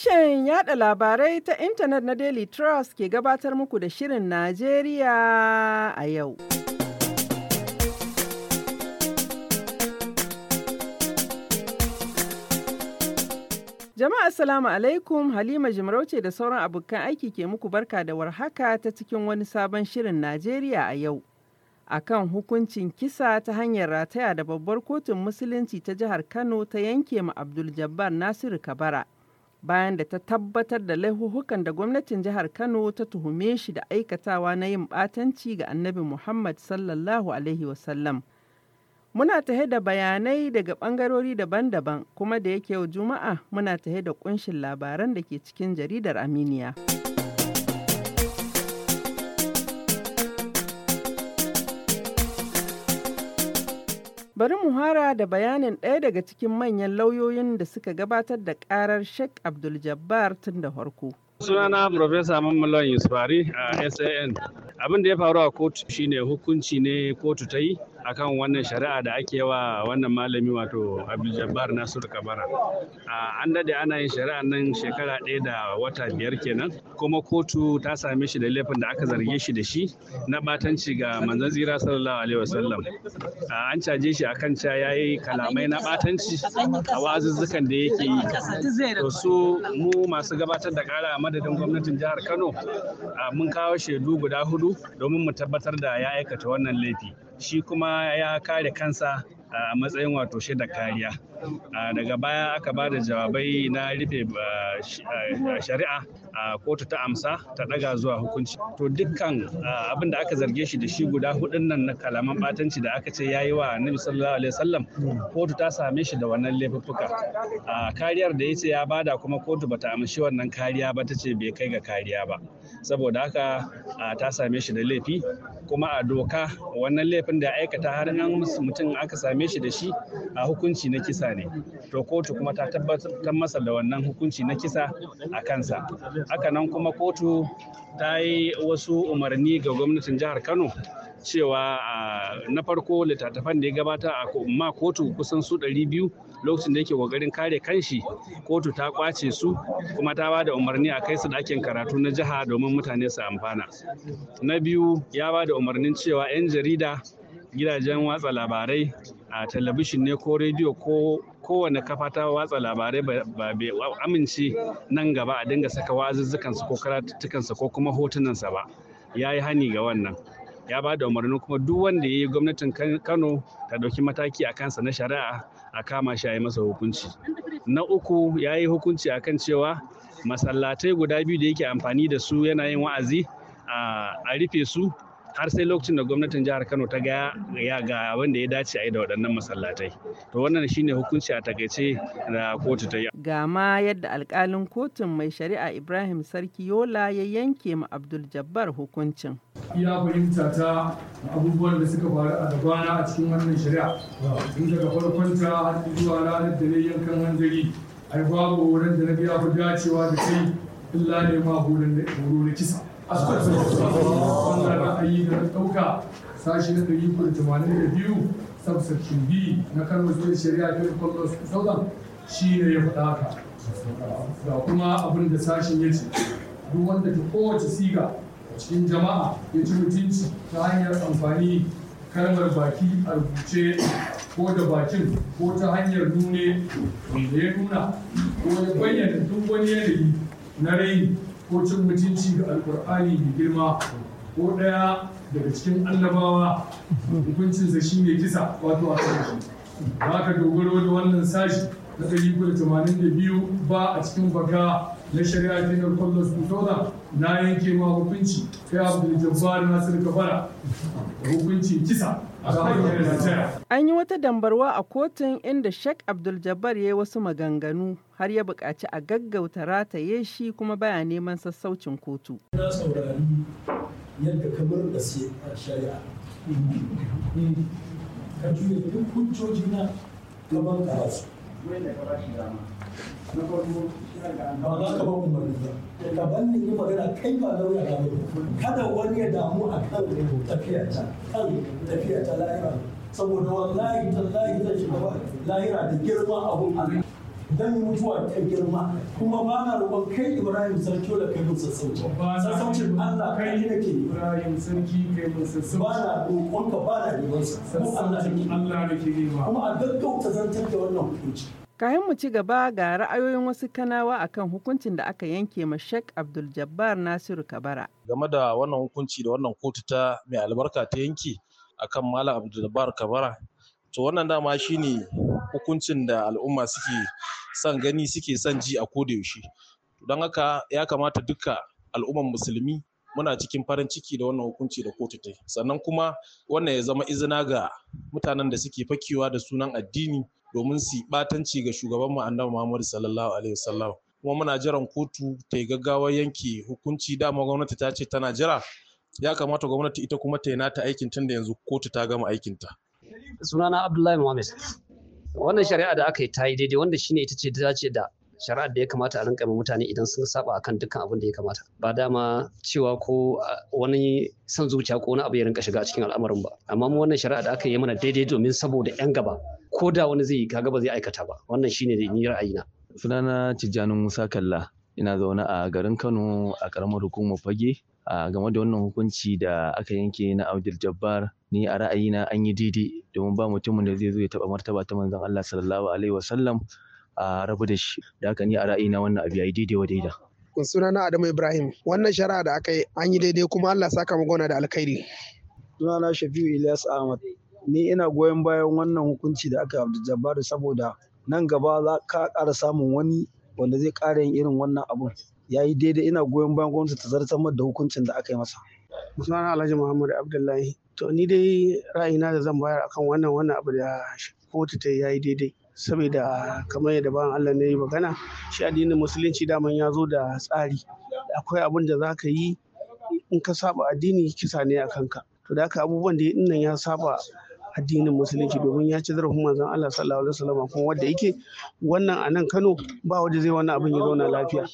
Sashen yada labarai ta intanet na Daily Trust ke gabatar muku da Shirin Najeriya a yau. Jama'a Assalamu alaikum Halima Jimarauce da sauran abokan aiki ke muku barka da warhaka ta cikin wani sabon Shirin Najeriya a yau. akan hukuncin kisa ta hanyar rataya da babbar kotun musulunci ta jihar Kano ta yanke ma Abdul Jabbar Nasiru Kabara. bayan da ta tabbatar da laihuhukan da gwamnatin jihar Kano ta tuhume shi da aikatawa na yin ɓatanci ga annabi Muhammad sallallahu Alaihi wasallam. Muna tahe da bayanai daga ɓangarori daban-daban kuma da yake yau Juma'a muna tahe da ƙunshin labaran da ke cikin jaridar Aminiya. Bari mu hara da bayanin ɗaya daga cikin manyan lauyoyin da suka gabatar da ƙarar Sheikh Abdul Jabbar tun da farko. sunana Profesa Mamman Yusufari a SAN. Abin da ya faru a kotu shine hukunci ne kotu ta yi akan wannan shari'a da ake wa wannan malami wato abdul nasiru kabara an dade ana yin shari'a nan shekara ɗaya da wata biyar kenan kuma kotu ta same shi da laifin da aka zarge shi da shi na batanci ga manzon zira sallallahu alaihi wasallam an caje shi akan ca ya yi kalamai na batanci a wazuzzukan da yake yi to su mu masu gabatar da kara madadin gwamnatin jihar kano mun kawo shaidu guda hudu domin mu tabbatar da ya aikata wannan laifi shi kuma ya kare kansa a matsayin wato da kariya daga baya aka ba da jawabai na rufe shari'a a kotu ta amsa ta daga zuwa hukunci to dukkan abin da aka zarge shi da shi guda hudun nan na kalaman batanci da aka ce ya yi wa annabi sallallahu alaihi wasallam kotu ta same shi da wannan laifuffuka kariyar da ya ce ya bada kuma kotu bata amshi wannan kariya ba ta ce bai kai ga kariya ba saboda haka a ta same shi da laifi kuma a doka wannan laifin da aikata har an mutum aka same shi da shi a hukunci na kisa ne to kotu kuma ta tabbatar masa da wannan hukunci na kisa a kansa haka nan kuma kotu ta yi wasu umarni ga gwamnatin jihar kano cewa na farko littattafan da ya gabata a ma kotu kusan su 200 lokacin da yake kokarin kare kanshi kotu ta kwace su kuma ta bada umarni a kai su dakin karatu na jiha domin mutane su amfana na biyu ya bada umarnin cewa 'yan jarida gidajen watsa labarai a talabishin ne ko rediyo ko kowane kafa ta watsa labarai ba bai amince nan gaba a dinga saka wazuzzukansa ko karatuttukansa ko kuma hotunansa ba ya yi hani ga wannan ya ba da umarni kuma duk wanda ya yi gwamnatin kano ta ɗauki mataki a kansa na shari'a a kama shi a yi masa hukunci na uku ya yi hukunci a kan cewa masallatai guda biyu da yake amfani da su yana yin wa'azi a rufe su har sai lokacin da gwamnatin jihar Kano ta ga ya ga abin da ya dace a yi da waɗannan masallatai to wannan shine hukunci a takaice da kotu ta yi ga ma yadda alkalin kotun mai shari'a Ibrahim Sarki Yola ya yanke ma Abdul Jabbar hukuncin ya fahimta ta abubuwan da suka faru a gabana a cikin wannan shari'a tun daga ta har zuwa ranar da ne yankan hanzari ai babu wurin da na biya ku dacewa da kai illa ne ma hulun da kisa wannan ra'ayi da na ɗauka sashi na ɗari kuɗi tamanin da biyu subsection b na kano state shari'a ta kwallo sauran shi ne ya faɗa ka ga kuma abin da sashin ya ce duk wanda ta kowace siga cikin jama'a ya ci mutunci ta hanyar amfani kalmar baki a rubuce ko da bakin ko ta hanyar nune da ya nuna ko ya bayyana duk wani yanayi na raini ko cin mutunci da alkur'ani da girma ko ɗaya daga cikin annabawa hukuncinsa shi ne kisa wato a shi. ba ka dogaro da wannan sashi na ɗari kuma tamanin da biyu ba a cikin baka na shari'a dinar kwallon su na yanke ma hukunci kai abu da jabbar nasir kafara hukuncin kisa An yi wata dambarwa a kotun inda Sheikh Abdul Jabbar ya yi wasu maganganu har ya buƙaci a gaggauta rataye shi kuma baya neman sassaucin kotu. Na saurari yadda kamar da sai a shari'a. Ka juya duk hujjoji na gaban karasu. ba za ka ba umarni ba ka ban ni yi magana kai ba lauya ba kada wani ya damu a kan tafiyata kan tafiyata lahira saboda wallahi tallahi zan shiga ba lahira da girma abun Allah dan mutuwa ta girma kuma ba na roƙon kai Ibrahim sarki da kai mun sassauci sassaucin Allah kai ne nake Ibrahim sarki kai mun sassauci ba na roƙon ka ba na neman sa Allah ne Allah ne ke kuma a gaggauta zantar da wannan hukunci Kayan mu ci gaba ga ra'ayoyin wasu kanawa akan hukuncin da aka yanke ma Sheikh Abdul Jabbar Nasiru Kabara. Game da wannan hukunci da wannan kotu ta mai albarka ta yanke akan Malam Abdul Jabbar Kabara. To wannan dama shine hukuncin da al'umma suke son gani suke son ji a koda yaushe. Don haka ya kamata duka al'umman musulmi muna cikin farin ciki da wannan hukunci da kotu ta sannan kuma wannan ya zama izina ga mutanen da suke fakewa da sunan addini domin su batanci ga shugaban mu annabi Muhammad sallallahu alaihi wasallam kuma muna jiran kotu ta yi gaggawar yanke hukunci dama gwamnati ta ce tana jira ya kamata gwamnati ita kuma ta yi nata aikin tun da yanzu kotu ta gama aikinta. sunana abdullahi muhammad wannan shari'a da aka yi ta yi daidai wanda shine ita ce ta dace da shari'a da ya kamata a rinka mutane idan sun saba akan dukkan abin da ya kamata ba dama cewa ko wani son zuciya ko wani abu ya rinka shiga cikin al'amarin ba amma mu wannan shari'a da aka yi mana daidai domin saboda yan gaba ko da wani zai yi kaga ba zai aikata ba wannan shine da ni ra'ayina sunana Tijjani Musa Kalla ina zaune a garin Kano a karamar hukumar Fage a game da wannan hukunci da aka yanke na Abdul Jabbar ni a ra'ayina an yi daidai domin ba mutumin da zai zo ya taba martaba ta manzon Allah sallallahu alaihi wasallam a rabu da shi da haka ni a ra'ayina wannan abu yayi daidai wa daida sunana Adamu Ibrahim wannan shari'a da aka yi an yi daidai kuma Allah saka mu gona da alkhairi sunana Shafiu Ilyas Ahmad ni ina goyon bayan wannan hukunci da aka yi jabbar saboda nan gaba za ka ƙara samun wani wanda zai ƙara yin irin wannan abun. Ya yi daidai ina goyon bayan gwamnati ta zartar da hukuncin da aka yi masa. musamman Alhaji Muhammadu Abdullahi. To ni dai ra'ayina da zan bayar akan wannan wannan abu da kotu ta yi daidai. Saboda kamar yadda bayan Allah ne magana, shi addinin musulunci daman ya zo da tsari. Akwai abin da za ka yi in ka saba addini kisa ne a kanka. To da haka abubuwan da nan ya saba addinin musulunci domin ya ci zarafin manzon Allah sallallahu alaihi wasallam kuma wanda yake wannan a nan Kano ba waje zai wannan abin ya zauna lafiya.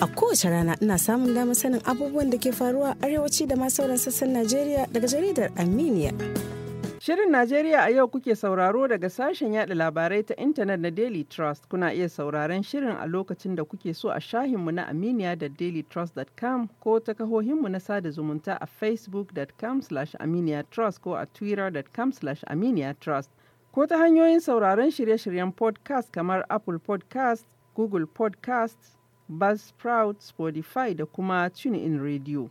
A kowace rana ina samun damar sanin abubuwan da ke faruwa arewaci da ma sauran sassan Najeriya daga jaridar Aminiya. Shirin Najeriya a yau kuke sauraro daga sashen yada labarai ta intanet na Daily Trust. Kuna iya sauraron shirin a lokacin da kuke so a shahinmu na Aminiya da dailytrust.com ko ta kahohinmu na sada zumunta a facebookcom aminiyatrust ko a twittercom aminiyatrust ko ta hanyoyin sauraron shirye-shiryen podcast kamar Apple podcast, Google podcast, Buzzsprout, Spotify da kuma in Radio.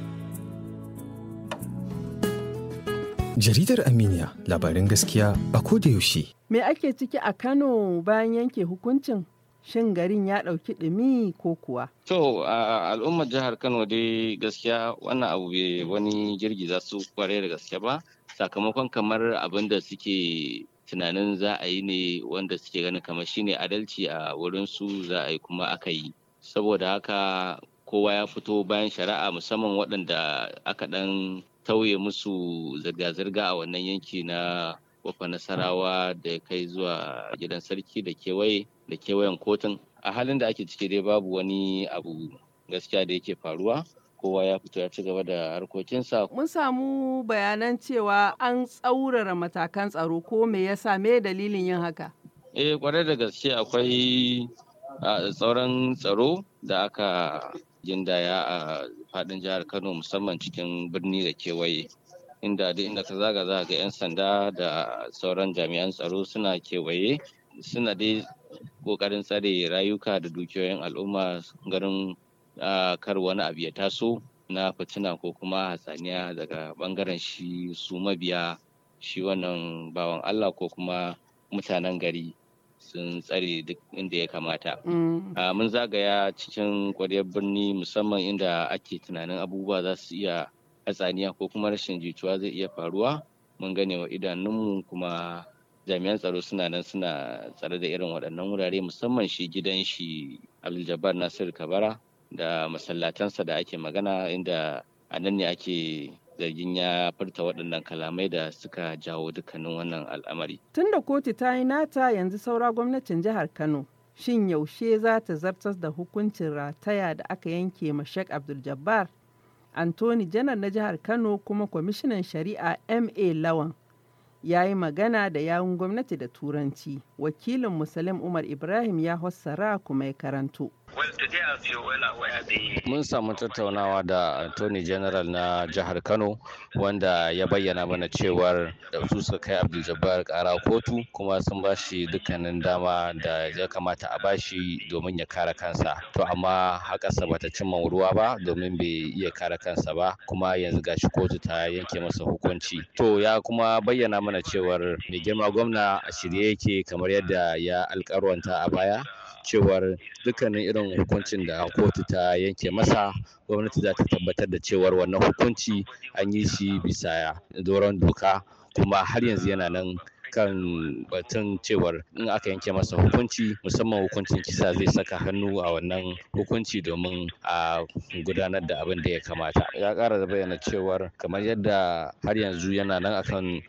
Jaridar Aminiya labarin gaskiya a yaushe. Me ake ciki a Kano bayan yanke hukuncin? Shin garin ya ɗauki ɗumi ko kuwa? To, al'ummar jihar Kano dai gaskiya wannan abu bai wani za su kware da gaske ba, sakamakon kamar abin da suke tunanin za a yi ne wanda suke ganin kamar shine adalci a wurin su za a yi kuma aka yi. Saboda haka kowa ya fito bayan shari'a musamman waɗanda aka ɗan tauye musu zirga-zirga a wannan yanki na wafa nasarawa da kai zuwa gidan sarki da kewaye da kewayen kotun a halin da ake ciki dai babu wani abu gaskiya da yake faruwa kowa ya fito ya ci gaba da harkokinsa. Mun samu bayanan cewa an tsaurara matakan tsaro ko me yasa me dalilin yin haka? Eh kwarai da gaske akwai ah, tsauran tsaro da aka gindaya a faɗin jihar Kano musamman cikin birni da kewaye. Inda duk inda ka zaga za ga 'yan sanda da sauran jami'an tsaro suna kewaye suna dai kokarin tsare rayuka da dukiyoyin al'umma garin kar wani abu ya taso na fitina ko kuma hatsaniya daga bangaren shi su mabiya shi wannan bawan Allah ko kuma mutanen gari sun tsare duk inda ya kamata. Mm. Ah, mun zagaya cikin kwaryar birni musamman inda ake tunanin abubuwa za su iya hatsaniya ko kuma rashin jituwa zai iya faruwa mun gane wa idanunmu kuma jami'an tsaro suna nan suna tsare da irin waɗannan wurare musamman shi gidan shi abdul nasir kabara da masallatansa da ake magana inda a nan ne ake zargin ya furta waɗannan kalamai da suka jawo dukkanin wannan al'amari. Tun da kotu ta yi nata yanzu saura gwamnatin jihar Kano. Shin yaushe za ta zartas da hukuncin rataya da aka yanke ma Sheikh Abdul Jabbar? Antoni Janar na jihar Kano kuma kwamishinan shari'a MA Lawan ya yi magana da yawun gwamnati da turanci. Wakilin Musalim Umar Ibrahim ya hossara kuma ya karanto. Mun samu tattaunawa da Attorney General na jihar Kano wanda ya bayyana mana cewar da su suka kai Abdul Jabbar kara kotu kuma sun ba shi dukkanin dama da ya kamata a bashi domin ya kare kansa. To amma ba bata cimma ruwa ba domin bai iya kare kansa ba kuma yanzu gashi kotu ta yanke masa hukunci. To ya kuma bayyana mana cewar mai girma gwamna a shirye yake kamar yadda ya alkarwanta a baya cewar dukkanin irin hukuncin da kotu ta yanke masa gwamnati za ta tabbatar da cewar wannan hukunci an yi shi bisa doron doka kuma har yanzu yana nan kan batun cewar in aka yanke masa hukunci musamman hukuncin kisa zai saka hannu a wannan hukunci domin a gudanar da abin da ya kamata ya kara da bayyana cewar kamar yadda har yanzu yana nan akan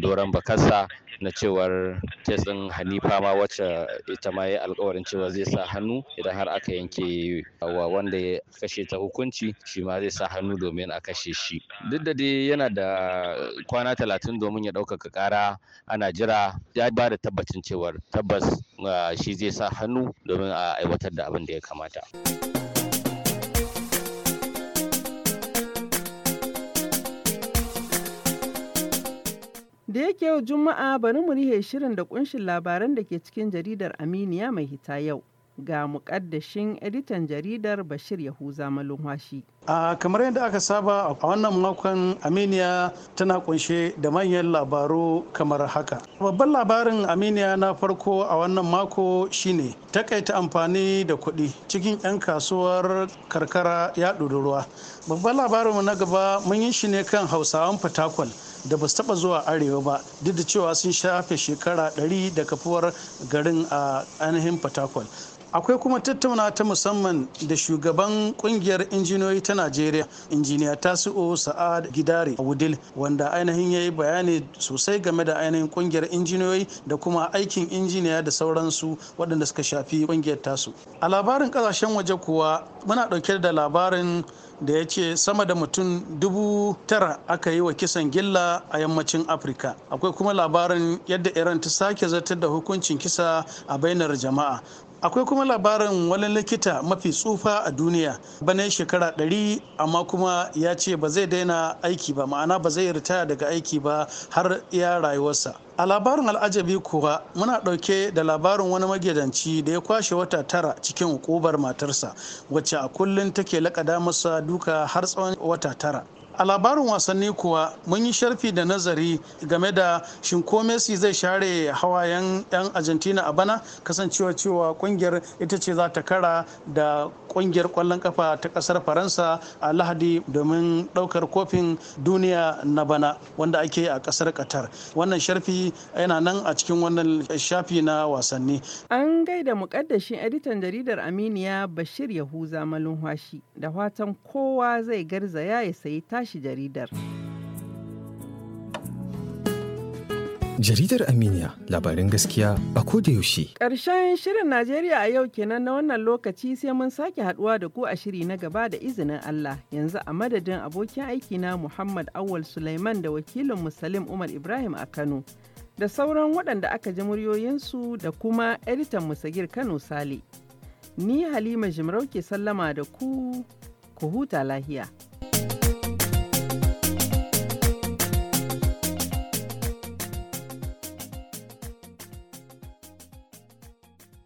doron bakarsa na cewar kesin hanifa ma wacce ita ma ya alkawarin cewa zai sa hannu idan har aka yanke wa wanda ya kashe ta hukunci shi ma zai sa hannu domin a kashe shi duk da dai yana da kwana talatin domin ya ɗaukaka ƙara ana jira ya ba da tabbacin cewar tabbas ah, shi zai sa hannu domin a aiwatar da abin da ya kamata. Da yake yau Juma'a bari mu rihe shirin da kunshin labaran da ke cikin jaridar Aminiya mai hita yau. ga mukaddashin editan jaridar Bashir Yahuza malumwashi A kamar yadda aka saba a wannan makon Aminiya tana kunshe da manyan labaru kamar haka. Babban labarin Aminiya na farko a wannan mako shine takaita amfani da kuɗi cikin 'yan kasuwar karkara ya ruwa. Babban mu na gaba mun yi shi ne kan Hausawan Fatakwal. da ba su taba zuwa arewa ba duk da cewa sun shafe shekara 100 da kafuwar garin a ainihin fatakwal akwai kuma tattauna ta musamman da shugaban kungiyar injiniyoyi ta najeriya injiniya tasi'o sa'ad gidare wudil wanda ainihin ya yi bayani sosai game da ainihin kungiyar injiniyoyi da kuma aikin injiniya da sauransu waɗanda suka shafi kungiyar tasu a labarin ƙasashen waje kuwa muna ɗauke da labarin da ya ce sama da mutum dubu tara aka yi wa kisan gilla a yammacin afirka akwai kuma labarin yadda iran ta sake zartar da hukuncin kisa a bainar jama'a akwai kuma labarin wani likita mafi tsufa a duniya bane shekara ɗari, amma kuma ya ce ba zai daina aiki ba ma'ana ba zai ritaya daga aiki ba har ya rayuwarsa a labarin al'ajabi kuwa muna ɗauke da labarin wani magidanci da ya kwashe wata tara cikin ƙubar matarsa wacce a kullum take laƙada masa duka har tsawon wata tara a labarin wasanni kuwa mun yi sharfi da nazari game da shin ko messi zai share hawayen 'yan argentina a bana kasancewa cewa kungiyar ita ce za ta kara da kungiyar kwallon kafa ta kasar faransa a lahadi domin daukar kofin duniya na bana wanda ake a kasar qatar wannan sharfi yana nan a cikin wannan shafi na wasanni an gaida mukaddashin editan jaridar aminiya bashir yahuza malumhashi da fatan kowa zai garzaya ya sayi tashi jaridar. Jaridar Aminiya labarin gaskiya a da yaushe. Ƙarshen shirin Najeriya a yau kenan na wannan lokaci sai mun sake haduwa da ku a shiri na gaba da izinin Allah. Yanzu a madadin abokin aikina Muhammad Awal Sulaiman da wakilin Musalim Umar Ibrahim a Kano. Da sauran waɗanda aka ji muryoyinsu da kuma editan Musagir Kano Sale. Ni Halima Jimarau ke sallama da ku, ku huta lahiya.